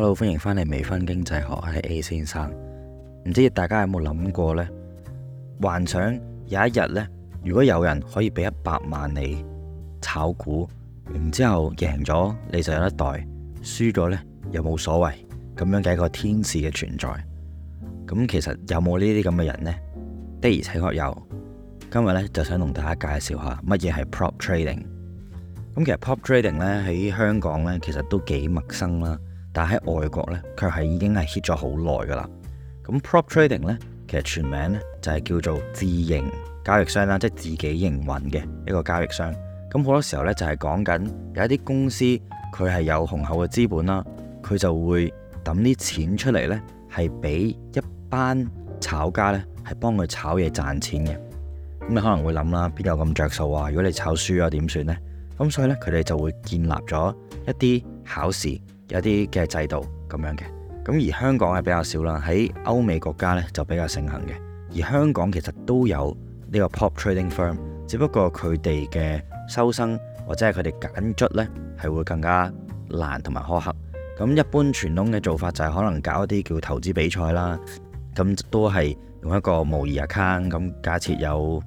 Hello，歡迎翻嚟《微醺經濟學》，係 A 先生。唔知大家有冇諗過呢？幻想有一日呢，如果有人可以俾一百萬你炒股，然之後贏咗，你就有一代；輸咗呢又冇所謂。咁樣嘅一個天使嘅存在。咁其實有冇呢啲咁嘅人呢？的而且確有。今日呢，就想同大家介紹下乜嘢係 Prop Trading。咁其實 Prop Trading 呢，喺香港呢，其實，其實都幾陌生啦。但喺外國呢，佢係已經係 hit 咗好耐噶啦。咁 prop trading 呢，其實全名呢就係叫做自營交易商啦，即係自己營運嘅一個交易商。咁好多時候呢，就係講緊有一啲公司佢係有雄厚嘅資本啦，佢就會抌啲錢出嚟呢，係俾一班炒家呢，係幫佢炒嘢賺錢嘅。咁你可能會諗啦，邊有咁着數啊？如果你炒輸啊，點算呢？咁所以呢，佢哋就會建立咗一啲考試。有啲嘅制度咁樣嘅，咁而香港係比較少啦，喺歐美國家呢，就比較盛行嘅。而香港其實都有呢個 prop trading firm，只不過佢哋嘅收生或者係佢哋揀卒呢，係會更加難同埋苛刻。咁一般傳統嘅做法就係可能搞一啲叫投資比賽啦，咁都係用一個模擬 account，咁假設有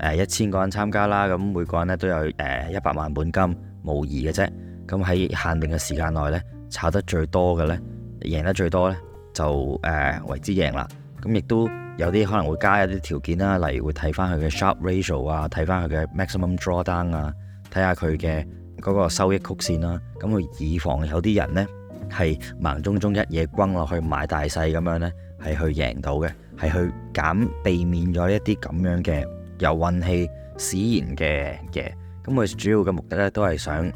誒一千個人參加啦，咁每個人呢，都有誒一百萬本金模擬嘅啫，咁喺限定嘅時間內呢。炒得最多嘅咧，贏得最多咧，就誒、呃、為之贏啦。咁亦都有啲可能會加一啲條件啦，例如會睇翻佢嘅 Sharpe Ratio 啊，睇翻佢嘅 Maximum Drawdown 啊，睇下佢嘅嗰個收益曲線啦。咁佢以防有啲人咧係盲中中一嘢轟落去買大細咁樣咧，係去贏到嘅，係去減避免咗一啲咁樣嘅有運氣使然嘅嘅。咁佢主要嘅目的咧都係想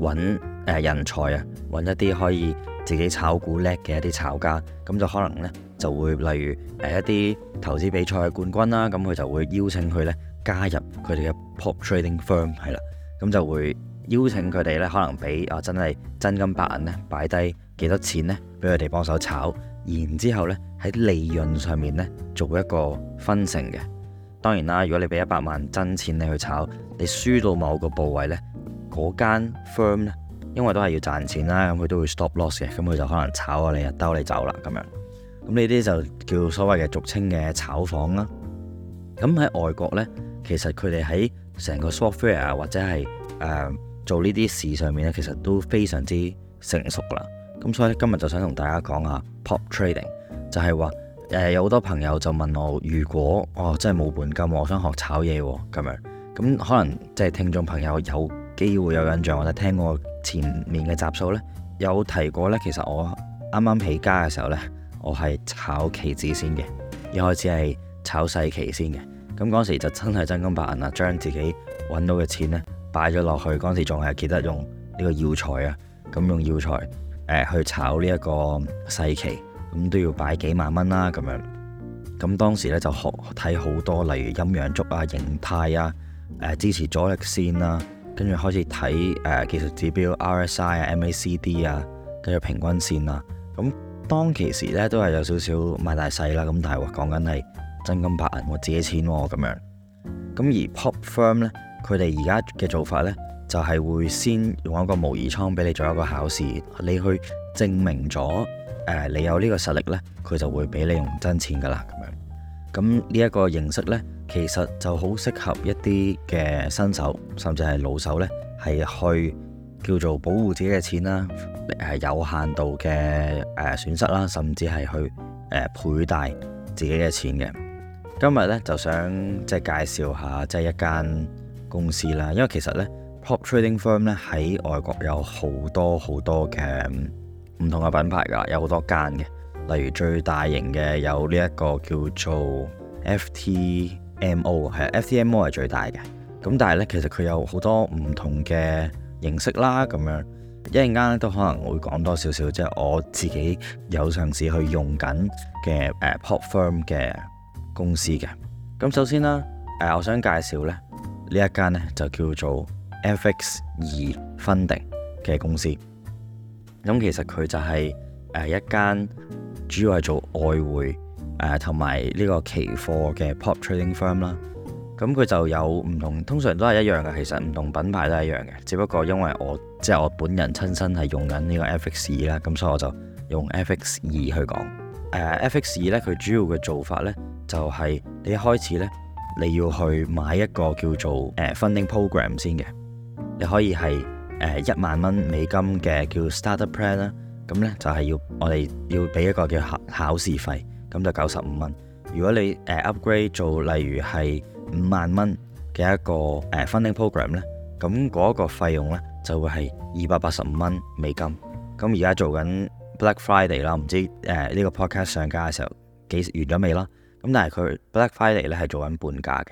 揾。誒人才啊，揾一啲可以自己炒股叻嘅一啲炒家，咁就可能呢，就會例如誒一啲投資比賽嘅冠軍啦，咁佢就會邀請佢呢，加入佢哋嘅 prop trading firm 係啦，咁就會邀請佢哋呢，可能俾啊真係真金白銀呢，擺低幾多錢呢，俾佢哋幫手炒，然之後呢，喺利潤上面呢，做一個分成嘅。當然啦，如果你俾一百萬真錢你去炒，你輸到某個部位間呢，嗰間 firm 呢。因為都係要賺錢啦，咁佢都會 stop loss 嘅，咁佢就可能炒啊，你，兜你走啦咁樣。咁呢啲就叫所謂嘅俗稱嘅炒房啦。咁喺外國呢，其實佢哋喺成個 software 啊，或者係誒、呃、做呢啲事上面呢，其實都非常之成熟啦。咁所以今日就想同大家講下 prop trading，就係話誒有好多朋友就問我，如果我、哦、真係冇本金，我想學炒嘢咁樣，咁可能即係聽眾朋友有。機會有印象，或者聽過前面嘅集數呢有提過呢，其實我啱啱起家嘅時候呢，我係炒期指先嘅，一開始係炒細期先嘅。咁嗰時就真係真金白銀啊，將自己揾到嘅錢呢擺咗落去。嗰時仲係記得用呢個腰財啊，咁用腰財誒去炒呢一個細期，咁都要擺幾萬蚊啦。咁樣咁當時呢，就學睇好多，例如陰陽燭啊、形態啊、誒支持阻力線啊。跟住開始睇誒、呃、技術指標 RSI 啊、MACD 啊，跟住平均線啦。咁、啊、當其時咧，都係有少少賣大細啦。咁但係話講緊係真金白銀，我自己錢喎、啊、咁樣。咁而 Pop Firm 咧，佢哋而家嘅做法咧，就係、是、會先用一個模擬倉俾你做一個考試，你去證明咗誒、呃、你有呢個實力咧，佢就會俾你用真錢噶啦咁樣。咁呢一個形式咧。其實就好適合一啲嘅新手，甚至係老手呢，係去叫做保護自己嘅錢啦，係、呃、有限度嘅誒、呃、損失啦，甚至係去誒倍大自己嘅錢嘅。今日呢，就想即係介紹下即係一間公司啦，因為其實呢 prop trading firm 呢，喺外國有好多好多嘅唔同嘅品牌㗎，有好多間嘅，例如最大型嘅有呢一個叫做 FT MO 係 FTMO 係最大嘅。咁但係咧其實佢有好多唔同嘅形式啦，咁樣一陣間都可能會講多少少，即、就、係、是、我自己有嘗試去用緊嘅誒、啊、platform 嘅公司嘅。咁首先啦，誒、啊、我想介紹咧呢一間咧就叫做 FX 二分定嘅公司。咁其實佢就係、是、誒、啊、一間主要係做外匯。誒，同埋呢個期貨嘅 pop trading firm 啦，咁佢就有唔同，通常都係一樣嘅。其實唔同品牌都係一樣嘅，只不過因為我即係我本人親身係用緊呢個 FX 二啦，咁所以我就用 FX 二去講。誒、uh，FX 二咧，佢主要嘅做法咧就係、是、你一開始咧，你要去買一個叫做誒、uh, f i n a i n g program 先嘅，你可以係誒一萬蚊美金嘅叫 starter plan 啦，咁咧就係要我哋要俾一個叫考考試費。咁就九十五蚊。如果你誒 upgrade 做，例如係五萬蚊嘅一個誒 funding program 咧，咁嗰一個費用咧就會係二百八十五蚊美金。咁而家做緊 Black Friday 啦，唔知誒呢個 podcast 上架嘅時候幾時完咗未啦？咁但係佢 Black Friday 咧係做緊半價嘅。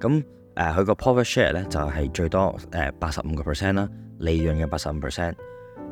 咁誒佢個 profit share 咧就係最多誒八十五個 percent 啦，利潤嘅八十五 percent。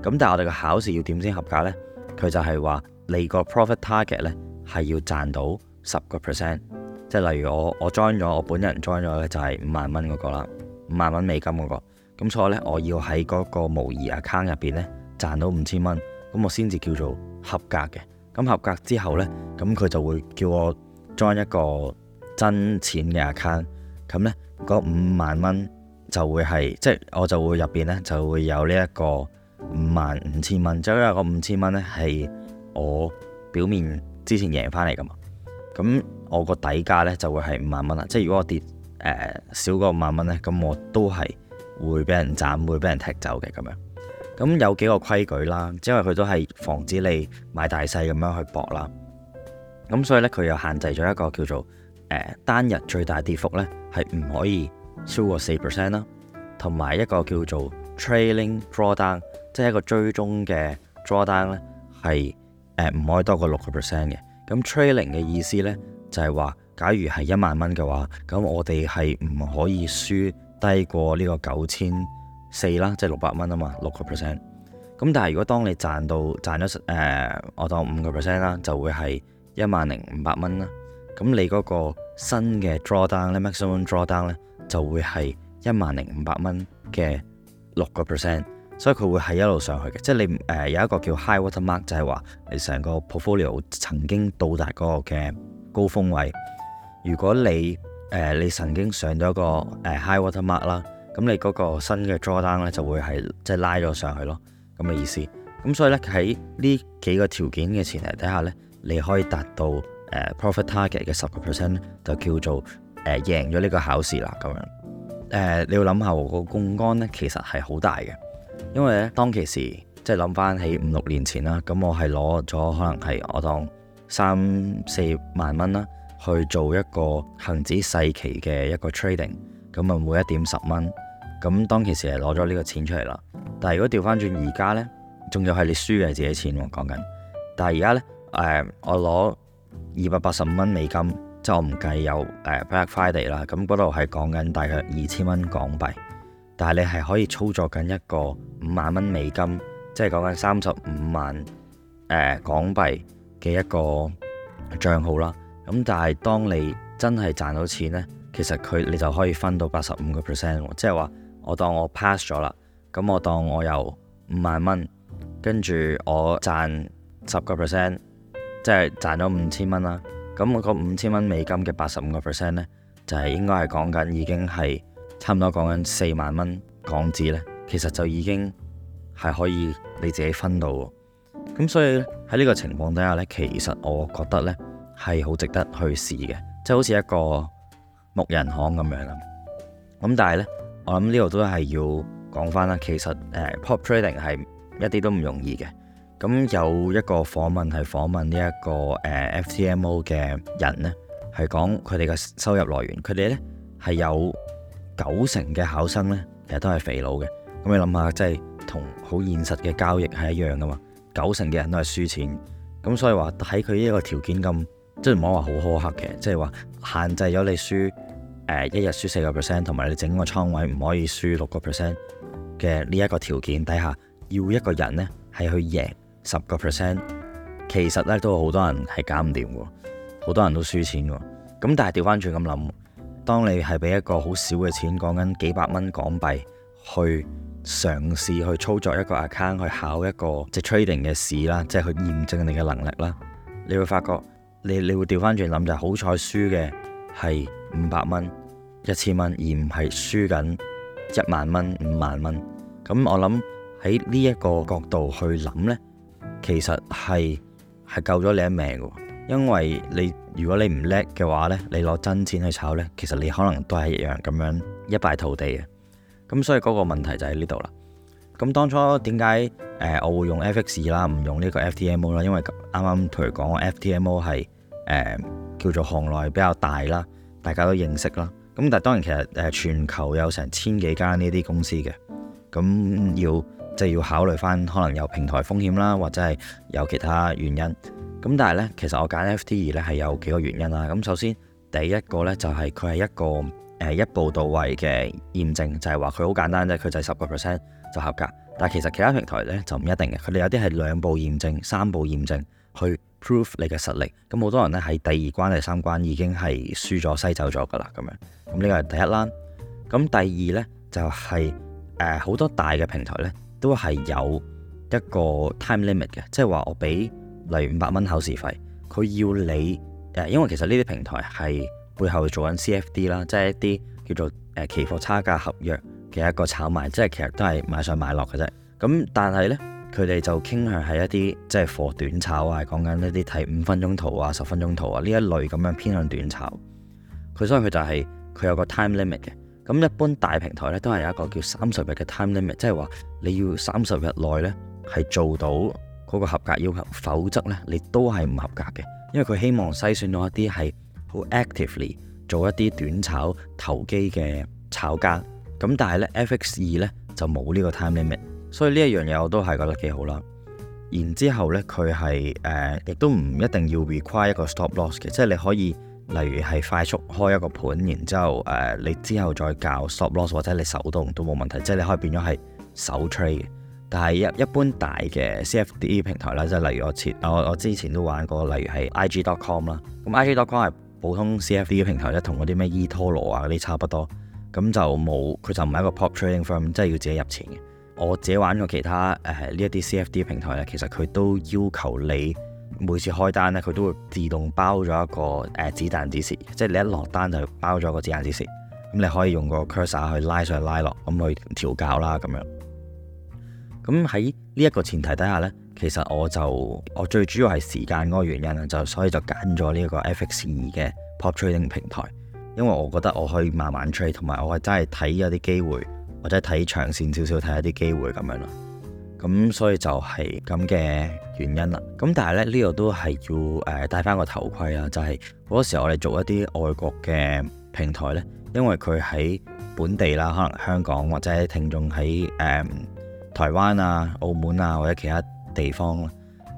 咁但係我哋嘅考試要點先合格咧？佢就係話嚟個 profit target 咧。係要賺到十個 percent，即係例如我我 join 咗，我本人 join 咗嘅就係五萬蚊嗰個啦，五萬蚊美金嗰個。咁所以我咧我要喺嗰個模擬 account 入邊咧賺到五千蚊，咁我先至叫做合格嘅。咁合格之後咧，咁佢就會叫我 join 一個真錢嘅 account。咁咧嗰五萬蚊就會係即係我就會入邊咧就會有呢一個五萬五千蚊，即係因為個五千蚊咧係我表面，之前贏翻嚟噶嘛，咁我個底價呢就會係五萬蚊啦。即係如果我跌誒、呃、少過五萬蚊呢，咁我都係會俾人斬，會俾人踢走嘅咁樣。咁有幾個規矩啦，因為佢都係防止你買大細咁樣去搏啦。咁所以呢，佢又限制咗一個叫做誒、呃、單日最大跌幅呢，係唔可以超過四 percent 啦。同埋一個叫做 trailing drawdown，即係一個追蹤嘅 drawdown 呢，係。誒，唔可以多過六個 percent 嘅，咁 trailing 嘅意思呢，就係話，假如係一萬蚊嘅話，咁我哋係唔可以輸低過呢個九千四啦，即係六百蚊啊嘛，六個 percent。咁但係如果當你賺到賺咗十誒，我當五個 percent 啦，就會係一萬零五百蚊啦。咁你嗰個新嘅 drawdown 咧 ，maximum drawdown 呢，就會係一萬零五百蚊嘅六個 percent。所以佢會係一路上去嘅，即係你誒有一個叫 high water mark 就係話你成個 portfolio 曾經到達嗰個嘅高峰位。如果你誒、呃、你曾經上咗一個誒 high water mark 啦，咁你嗰個新嘅 drawdown 咧就會係即係拉咗上去咯，咁、這、嘅、個、意思。咁所以咧喺呢幾個條件嘅前提底下咧，你可以達到誒 profit target 嘅十個 percent 咧，就叫做誒贏咗呢個考試啦咁樣。誒、呃、你要諗下喎，個槓杆咧其實係好大嘅。因為咧，當其時即係諗翻起五六年前啦，咁我係攞咗可能係我當三四萬蚊啦，去做一個恆指細期嘅一個 trading，咁啊每一點十蚊，咁當其時係攞咗呢個錢出嚟啦。但係如果調翻轉而家呢，仲要係你輸嘅係自己錢喎，講緊。但係而家呢，誒、呃、我攞二百八十五蚊美金，即係我唔計有誒 Black Friday 啦，咁嗰度係講緊大約二千蚊港幣。但係你係可以操作緊一個五萬蚊美金，即係講緊三十五萬誒、呃、港幣嘅一個賬號啦。咁但係當你真係賺到錢呢，其實佢你就可以分到八十五個 percent。即係話我當我 pass 咗啦，咁我當我由五萬蚊，跟住我賺十個 percent，即係賺咗五千蚊啦。咁嗰五千蚊美金嘅八十五個 percent 咧，就係、是、應該係講緊已經係。差唔多講緊四萬蚊港紙咧，其實就已經係可以你自己分到喎。咁所以咧，喺呢個情況底下咧，其實我覺得咧係好值得去試嘅，即係好似一個木人巷咁樣啦。咁但係咧，我諗呢度都係要講返啦。其實誒，prop trading 係一啲都唔容易嘅。咁有一個訪問係訪問呢一個誒 FTMO 嘅人咧，係講佢哋嘅收入來源，佢哋咧係有。九成嘅考生呢，其實都係肥佬嘅。咁你諗下，即係同好現實嘅交易係一樣噶嘛？九成嘅人都係輸錢。咁所以話喺佢呢一個條件咁，即係唔好話好苛刻嘅，即係話限制咗你輸誒、呃、一日輸四個 percent，同埋你整個倉位唔可以輸六個 percent 嘅呢一個條件底下，要一個人呢係去贏十個 percent，其實呢，都好多人係搞唔掂喎，好多人都輸錢喎。咁但係調翻轉咁諗。當你係俾一個好少嘅錢，講緊幾百蚊港幣去嘗試去操作一個 account 去考一個即 trading 嘅試啦，即係去驗證你嘅能力啦，你會發覺你你會調翻轉諗，就係好彩輸嘅係五百蚊、一千蚊，而唔係輸緊一萬蚊、五萬蚊。咁我諗喺呢一個角度去諗呢，其實係係救咗你一命嘅。因為你如果你唔叻嘅話咧，你攞真錢去炒咧，其實你可能都係一樣咁樣一敗塗地嘅。咁所以嗰個問題就喺呢度啦。咁當初點解誒我會用 FX2 啦，唔用呢個 FTMO 啦？因為啱啱同佢講，FTMO 係誒叫做行內比較大啦，大家都認識啦。咁但係當然其實誒、呃、全球有成千幾間呢啲公司嘅，咁要即係要考慮翻可能有平台風險啦，或者係有其他原因。咁但係咧，其實我揀 FX2 咧係有幾個原因啦。咁首先，第一個咧就係佢係一個誒、呃、一步到位嘅驗證，就係話佢好簡單啫，佢就係十個 percent 就合格。但係其實其他平台咧就唔一定嘅，佢哋有啲係兩步驗證、三步驗證去 proof 你嘅實力。咁好多人咧喺第二關、第三關已經係輸咗、西走咗噶啦。咁樣咁呢、這個係第一欄。咁第二咧就係誒好多大嘅平台咧都係有一個 time limit 嘅，即係話我俾。例如五百蚊考試費，佢要你誒，因為其實呢啲平台係背後做緊 CFD 啦，即係一啲叫做誒期貨差價合約嘅一個炒賣，即係其實都係買上買落嘅啫。咁但係呢，佢哋就傾向係一啲即係貨短炒啊，講緊一啲睇五分鐘圖啊、十分鐘圖啊呢一類咁樣偏向短炒。佢所以佢就係、是、佢有個 time limit 嘅。咁一般大平台呢，都係有一個叫三十日嘅 time limit，即係話你要三十日內呢，係做到嗰個合格要求，否則呢，你都係唔合格嘅，因為佢希望篩選到一啲係好 actively 做一啲短炒、投機嘅炒家。咁但係呢 FX 二呢就冇呢個 time limit，所以呢一樣嘢我都係覺得幾好啦。然之後呢，佢係誒亦都唔一定要 require 一個 stop loss 嘅，即係你可以例如係快速開一個盤，然之後誒、呃、你之後再校 stop loss 或者你手動都冇問題，即係你可以變咗係手 trade 嘅。但係一一般大嘅 C F D 平台啦，即係例如我設，我我之前都玩過，例如係 I G dot com 啦。咁 I G dot com 係普通 C F D 平台，即係同嗰啲咩 eToro 啊嗰啲差不多。咁就冇，佢就唔係一個 prop trading firm，即係要自己入錢嘅。我自己玩咗其他誒呢一啲 C F D 平台咧，其實佢都要求你每次開單咧，佢都會自動包咗一個誒子彈指示，即係你一落單就包咗個子彈指示。咁你可以用個 cursor 去拉上去拉，拉落，咁去調校啦咁樣。咁喺呢一個前提底下呢，其實我就我最主要係時間嗰個原因啦，就所以就揀咗呢個 FX 二嘅 prop trading 平台，因為我覺得我可以慢慢 trade，同埋我係真係睇一啲機會，或者睇長線少少睇一啲機會咁樣啦。咁所以就係咁嘅原因啦。咁但係咧呢度都係要誒戴翻個頭盔啊，就係、是、好多時候我哋做一啲外國嘅平台呢，因為佢喺本地啦，可能香港或者聽眾喺誒，Um，台灣啊、澳門啊或者其他地方，誒、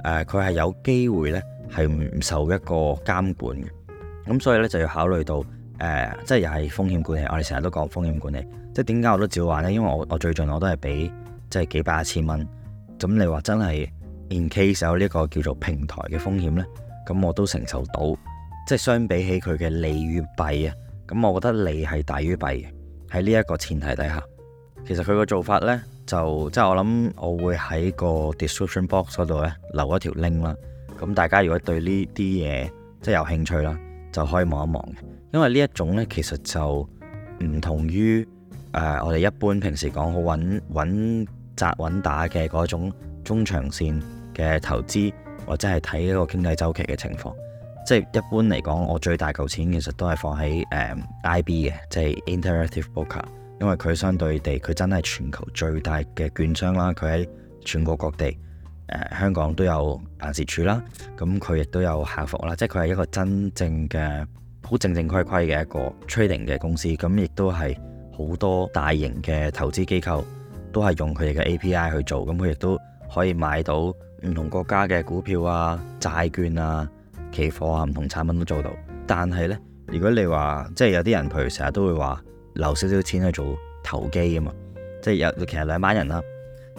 呃，佢係有機會咧，係唔受一個監管嘅。咁所以咧，就要考慮到誒、呃，即係又係風險管理。我哋成日都講風險管理，即係點解我都照玩咧？因為我我最近我都係俾即係幾百一千蚊。咁你話真係 in case 有呢個叫做平台嘅風險咧，咁我都承受到。即係相比起佢嘅利與弊啊，咁我覺得利係大於弊嘅。喺呢一個前提底下，其實佢個做法咧。就即係我諗我會喺個 description box 度咧留一條 link 啦，咁大家如果對呢啲嘢即係有興趣啦，就可以望一望嘅。因為呢一種咧其實就唔同於誒、呃、我哋一般平時講好穩穩紮穩打嘅嗰種中長線嘅投資，或者係睇一個經濟周期嘅情況。即係一般嚟講，我最大嚿錢其實都係放喺誒、嗯、IB 嘅，即、就、係、是、Interactive Broker 因為佢相對地，佢真係全球最大嘅券商啦，佢喺全國各地，誒、呃、香港都有辦事處啦，咁佢亦都有客服啦，即係佢係一個真正嘅好正正規規嘅一個 trading 嘅公司，咁亦都係好多大型嘅投資機構都係用佢哋嘅 API 去做，咁佢亦都可以買到唔同國家嘅股票啊、債券啊、期貨啊、唔同產品都做到，但係呢，如果你話即係有啲人譬如成日都會話。留少少錢去做投機啊嘛，即係有其實兩班人啦，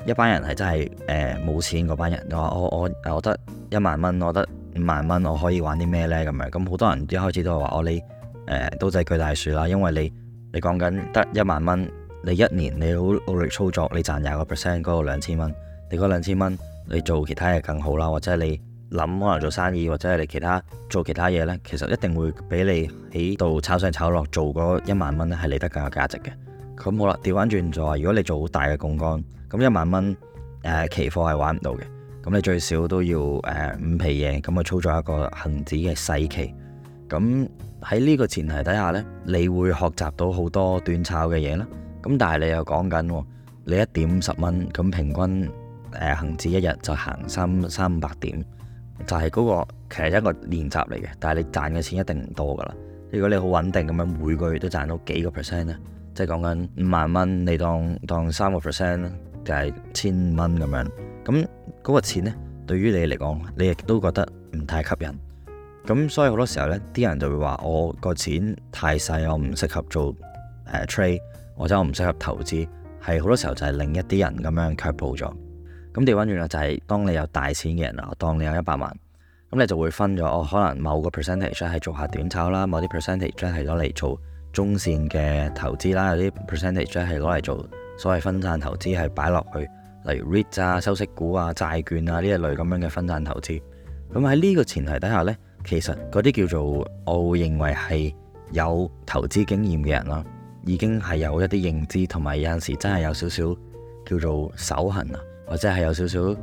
一班人係真係誒冇錢嗰班人，你話我我我得一萬蚊，我得五萬蚊，我可以玩啲咩呢？咁樣？咁好多人一開始都係話哦，你誒、呃、都制巨大樹啦，因為你你講緊得一萬蚊，你一年你好努力操作，你賺廿個 percent 嗰個兩千蚊，你嗰兩千蚊你做其他嘢更好啦，或者你。諗可能做生意或者係你其他做其他嘢，呢，其實一定會畀你喺度炒上炒落做嗰一萬蚊咧係嚟，得更有價值嘅。咁好啦，調翻轉咗，如果你做好大嘅槓桿，咁一萬蚊、呃、期貨係玩唔到嘅，咁你最少都要誒、呃、五皮嘢咁去操作一個恒指嘅細期。咁喺呢個前提底下呢，你會學習到好多短炒嘅嘢啦。咁但係你又講緊你一點十蚊，咁平均誒恒指一日就行三三五百點。就係嗰個，其實一個練習嚟嘅，但係你賺嘅錢一定唔多噶啦。如果你好穩定咁樣，每個月都賺到幾個 percent 咧，即係講緊五萬蚊，你當當三個 percent 就係千蚊咁樣。咁嗰個錢咧，對於你嚟講，你亦都覺得唔太吸引。咁所以好多時候呢，啲人就會話：我個錢太細，我唔適合做、uh, trade，或者我唔適合投資。係好多時候就係另一啲人咁樣卻步咗。咁調翻轉啦，就係、是、當你有大錢嘅人啦，當你有一百萬咁，你就會分咗我、哦、可能某個 percentage 係做下短炒啦，某啲 percentage 係攞嚟做中線嘅投資啦，有啲 percentage 係攞嚟做所謂分散投資，係擺落去，例如 REIT 啊、收息股啊、債券啊呢一類咁樣嘅分散投資。咁喺呢個前提底下呢，其實嗰啲叫做我會認為係有投資經驗嘅人啦，已經係有一啲認知，同埋有陣時真係有少少叫做手痕啊。或者係有少少誒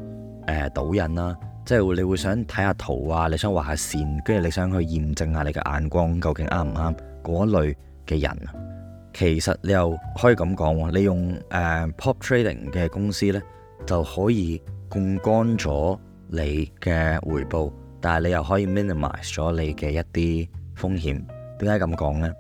賭癮啦，即係你會想睇下圖啊，你想畫下線，跟住你想去驗證下你嘅眼光究竟啱唔啱嗰類嘅人。其實你又可以咁講喎，你用誒、呃、prop trading 嘅公司呢，就可以槓桿咗你嘅回報，但係你又可以 minimize 咗你嘅一啲風險。點解咁講呢？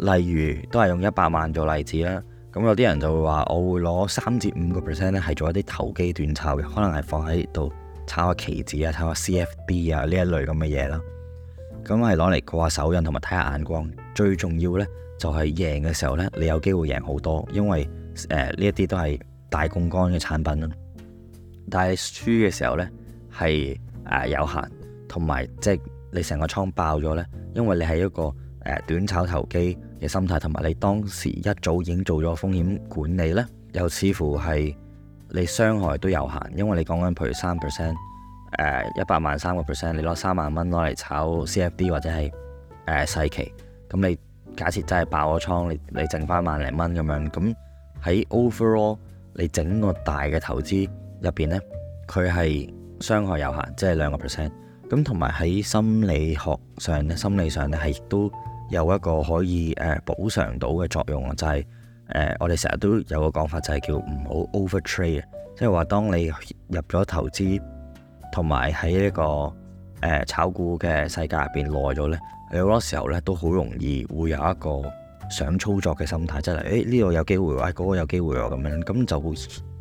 例如都係用一百萬做例子啦。咁有啲人就會話，我會攞三至五個 percent 咧，係做一啲投機短炒嘅，可能係放喺度炒下期指啊、炒下 CFD 啊呢一類咁嘅嘢啦。咁係攞嚟過下手印同埋睇下眼光。最重要呢就係贏嘅時候呢，你有機會贏好多，因為誒呢一啲都係大槓桿嘅產品。但係輸嘅時候呢，係誒、呃、有限，同埋即係你成個倉爆咗呢，因為你係一個。誒短炒投機態，嘅心態，同埋你當時一早已經做咗風險管理呢，又似乎係你傷害都有限，因為你講緊譬如三 percent，誒一百萬三個 percent，你攞三萬蚊攞嚟炒 C F D 或者係誒細期，咁、呃、你假設真係爆咗倉，你你剩翻萬零蚊咁樣，咁喺 overall 你整個大嘅投資入邊呢，佢係傷害有限，即係兩個 percent，咁同埋喺心理學上咧、心理上咧係亦都。有一個可以誒、呃、補償到嘅作用啊，就係、是、誒、呃、我哋成日都有個講法，就係、是、叫唔好 over trade 啊，即係話當你入咗投資同埋喺呢個誒、呃、炒股嘅世界入邊耐咗呢，你好多時候呢都好容易會有一個想操作嘅心態，真係誒呢度有機會，哎、啊、嗰、那個有機會喎咁樣，咁就會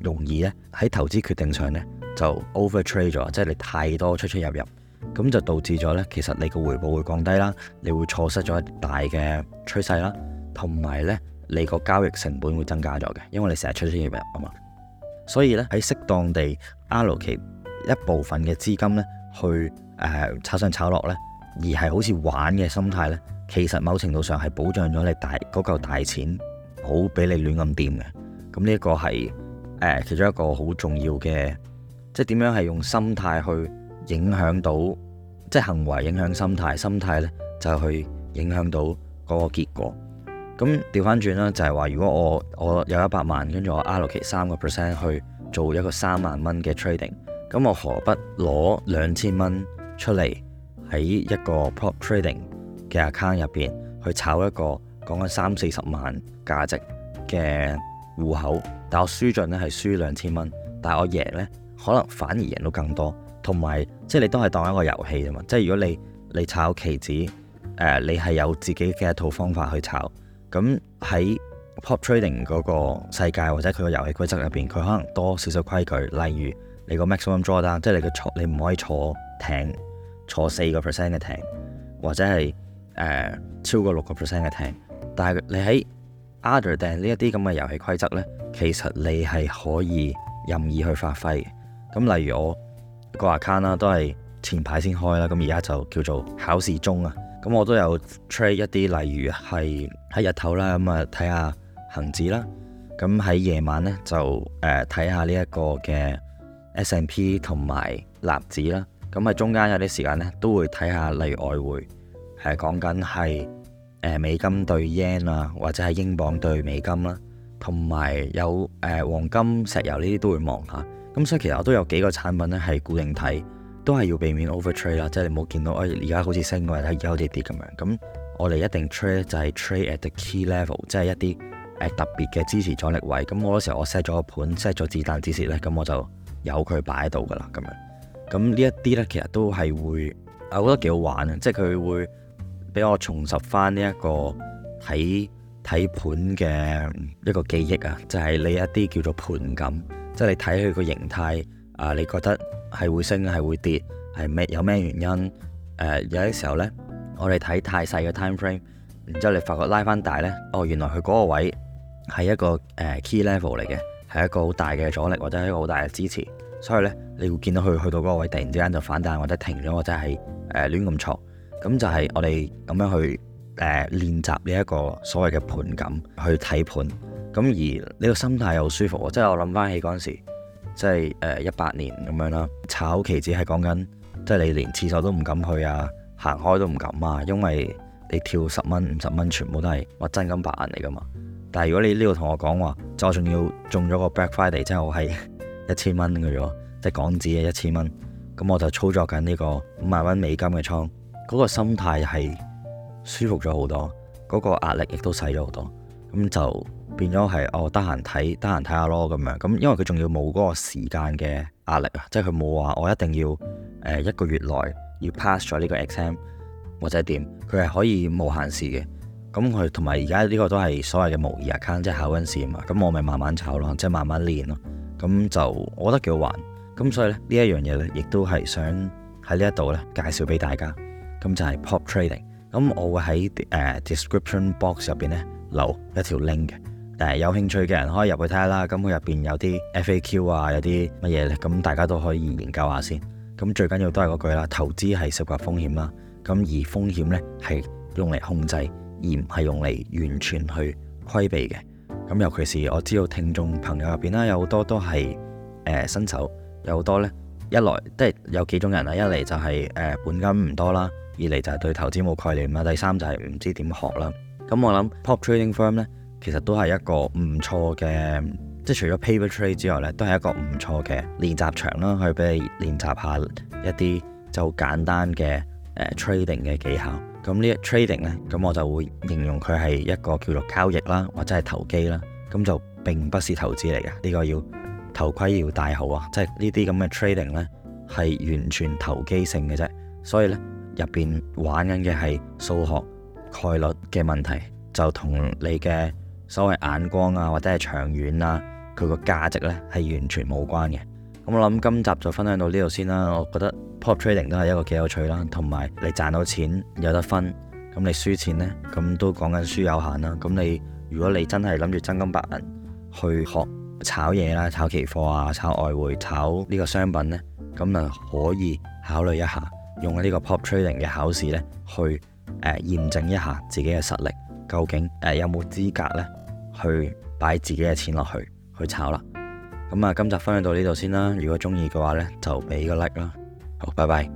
容易呢喺投資決定上呢就 over trade 咗，即、就、係、是、你太多出出入入。咁就導致咗呢，其實你個回報會降低啦，你會錯失咗一大嘅趨勢啦，同埋呢，你個交易成本會增加咗嘅，因為你成日出出入入啊嘛。所以呢，喺適當地 allocate 一部分嘅資金呢，去誒炒上炒落呢，而係好似玩嘅心態呢，其實某程度上係保障咗你大嗰嚿大錢，唔好俾你亂咁掂嘅。咁呢一個係、呃、其中一個好重要嘅，即係點樣係用心態去。影響到即係行為影響心態，心態咧就去影響到嗰個結果。咁調翻轉啦，就係話如果我我有一百萬，跟住我 Rake 三個 percent 去做一個三萬蚊嘅 trading，咁我何不攞兩千蚊出嚟喺一個 prop trading 嘅 account 入邊去炒一個講緊三四十萬價值嘅戶口，但我輸盡咧係輸兩千蚊，但係我贏呢，可能反而贏到更多。同埋，即係你都係當一個遊戲啫嘛。即係如果你你炒棋子，誒、uh,，你係有自己嘅一套方法去炒。咁喺 Pop Trading 嗰個世界或者佢個遊戲規則入邊，佢可能多少少規矩，例如你個 Maximum o r d w r 即係你嘅錯，你唔可以坐艇坐四個 percent 嘅艇，或者係誒、uh, 超過六個 percent 嘅艇。但係你喺 o t h e r 訂呢一啲咁嘅遊戲規則呢，其實你係可以任意去發揮。咁例如我。個 account 啦、啊，都係前排先開啦，咁而家就叫做考試中啊。咁我都有 trade 一啲，例如係喺日頭啦，咁啊睇下恒指啦。咁喺夜晚呢，就誒睇下呢一個嘅 S&P 同埋納指啦。咁喺中間有啲時間呢，都會睇下，例如外匯，係、呃、講緊係誒美金對 yen 啊，或者係英鎊對美金啦，同埋有誒、呃、黃金、石油呢啲都會望下。咁所以其實我都有幾個產品咧係固定睇，都係要避免 over trade 啦，rain, 即係你冇見到哎而家好似升過嚟，有啲啲咁樣。咁我哋一定 trade 就係 trade at the key level，即係一啲誒特別嘅支持阻力位。咁我嗰時候我 set 咗個盤，set 咗子彈支持咧，咁我就有佢擺喺度噶啦。咁樣咁呢一啲咧，其實都係會，我覺得幾好玩啊！即係佢會俾我重拾翻呢一個睇睇盤嘅一個記憶啊，就係、是、你一啲叫做盤感。即係你睇佢個形態，啊、呃、你覺得係會升，係會跌，係咩有咩原因？誒、呃，有啲時候呢，我哋睇太細嘅 time frame，然之後你發覺拉翻大呢，哦原來佢嗰個位係一個誒、呃、key level 嚟嘅，係一個好大嘅阻力或者係一個好大嘅支持，所以呢，你會見到佢去到嗰個位突然之間就反彈或者停咗或者係誒亂咁嘈。咁、呃、就係我哋咁樣去誒、呃、練習呢一個所謂嘅盤感，去睇盤。咁而呢個心態又舒服喎，即係我諗翻起嗰陣時，即係誒一八年咁樣啦，炒期指係講緊，即係你連廁所都唔敢去啊，行開都唔敢啊，因為你跳十蚊、五十蚊，全部都係我真金白銀嚟噶嘛。但係如果你呢度同我講話，就仲要中咗個 Black Friday，真係好氣，一千蚊嘅啫，即港紙嘅一千蚊。咁我就操作緊呢個五萬蚊美金嘅倉，嗰個心態係舒服咗好多，嗰個壓力亦都細咗好多，咁就。變咗係我得閒睇，得閒睇下咯咁樣。咁因為佢仲要冇嗰個時間嘅壓力啊，即係佢冇話我一定要誒、呃、一個月內要 pass 咗呢個 exam 或者點，佢係可以冇限時嘅。咁佢同埋而家呢個都係所謂嘅模擬 account，即係考緊試啊嘛。咁我咪慢慢炒咯，即係慢慢練咯。咁就我覺得幾好玩。咁所以咧呢一樣嘢呢，亦都係想喺呢一度呢介紹俾大家。咁就係 prop trading。咁我會喺誒、呃、description box 入邊呢留一條 link 嘅。誒有興趣嘅人可以入去睇下啦，咁佢入邊有啲 FAQ 啊，有啲乜嘢咧，咁大家都可以研究下先。咁最緊要都係嗰句啦，投資係涉及風險啦。咁而風險咧係用嚟控制，而唔係用嚟完全去規避嘅。咁尤其是我知道聽眾朋友入邊啦，有好多都係誒新手，有好多咧一來即係有幾種人啦，一嚟就係、是、誒、呃、本金唔多啦，二嚟就係對投資冇概念啦，第三就係唔知點學啦。咁我諗 Prop Trading Firm 咧。其實都係一個唔錯嘅，即係除咗 paper trade 之外呢都係一個唔錯嘅練習場啦，去俾你練習下一啲就簡單嘅 trading 嘅技巧。咁呢一 trading 呢，咁我就會形容佢係一個叫做交易啦，或者係投機啦，咁就並不是投資嚟㗎。呢個要頭盔要戴好啊，即係呢啲咁嘅 trading 呢，係完全投機性嘅啫。所以呢，入邊玩緊嘅係數學概率嘅問題，就同你嘅，所謂眼光啊，或者係長遠啊，佢個價值呢係完全冇關嘅。咁我諗今集就分享到呢度先啦。我覺得 Prop Trading 都係一個幾有趣啦，同埋你賺到錢有得分，咁你輸錢呢，咁都講緊輸有限啦。咁你如果你真係諗住真金白銀去學炒嘢啦，炒期貨啊，炒外匯，炒呢個商品呢，咁啊可以考慮一下，用呢個 Prop Trading 嘅考試呢，去誒驗證一下自己嘅實力究竟誒有冇資格呢，去擺自己嘅錢落去去炒啦。咁啊，今集分享到呢度先啦。如果鍾意嘅話咧，就畀個 like 啦。好，拜拜。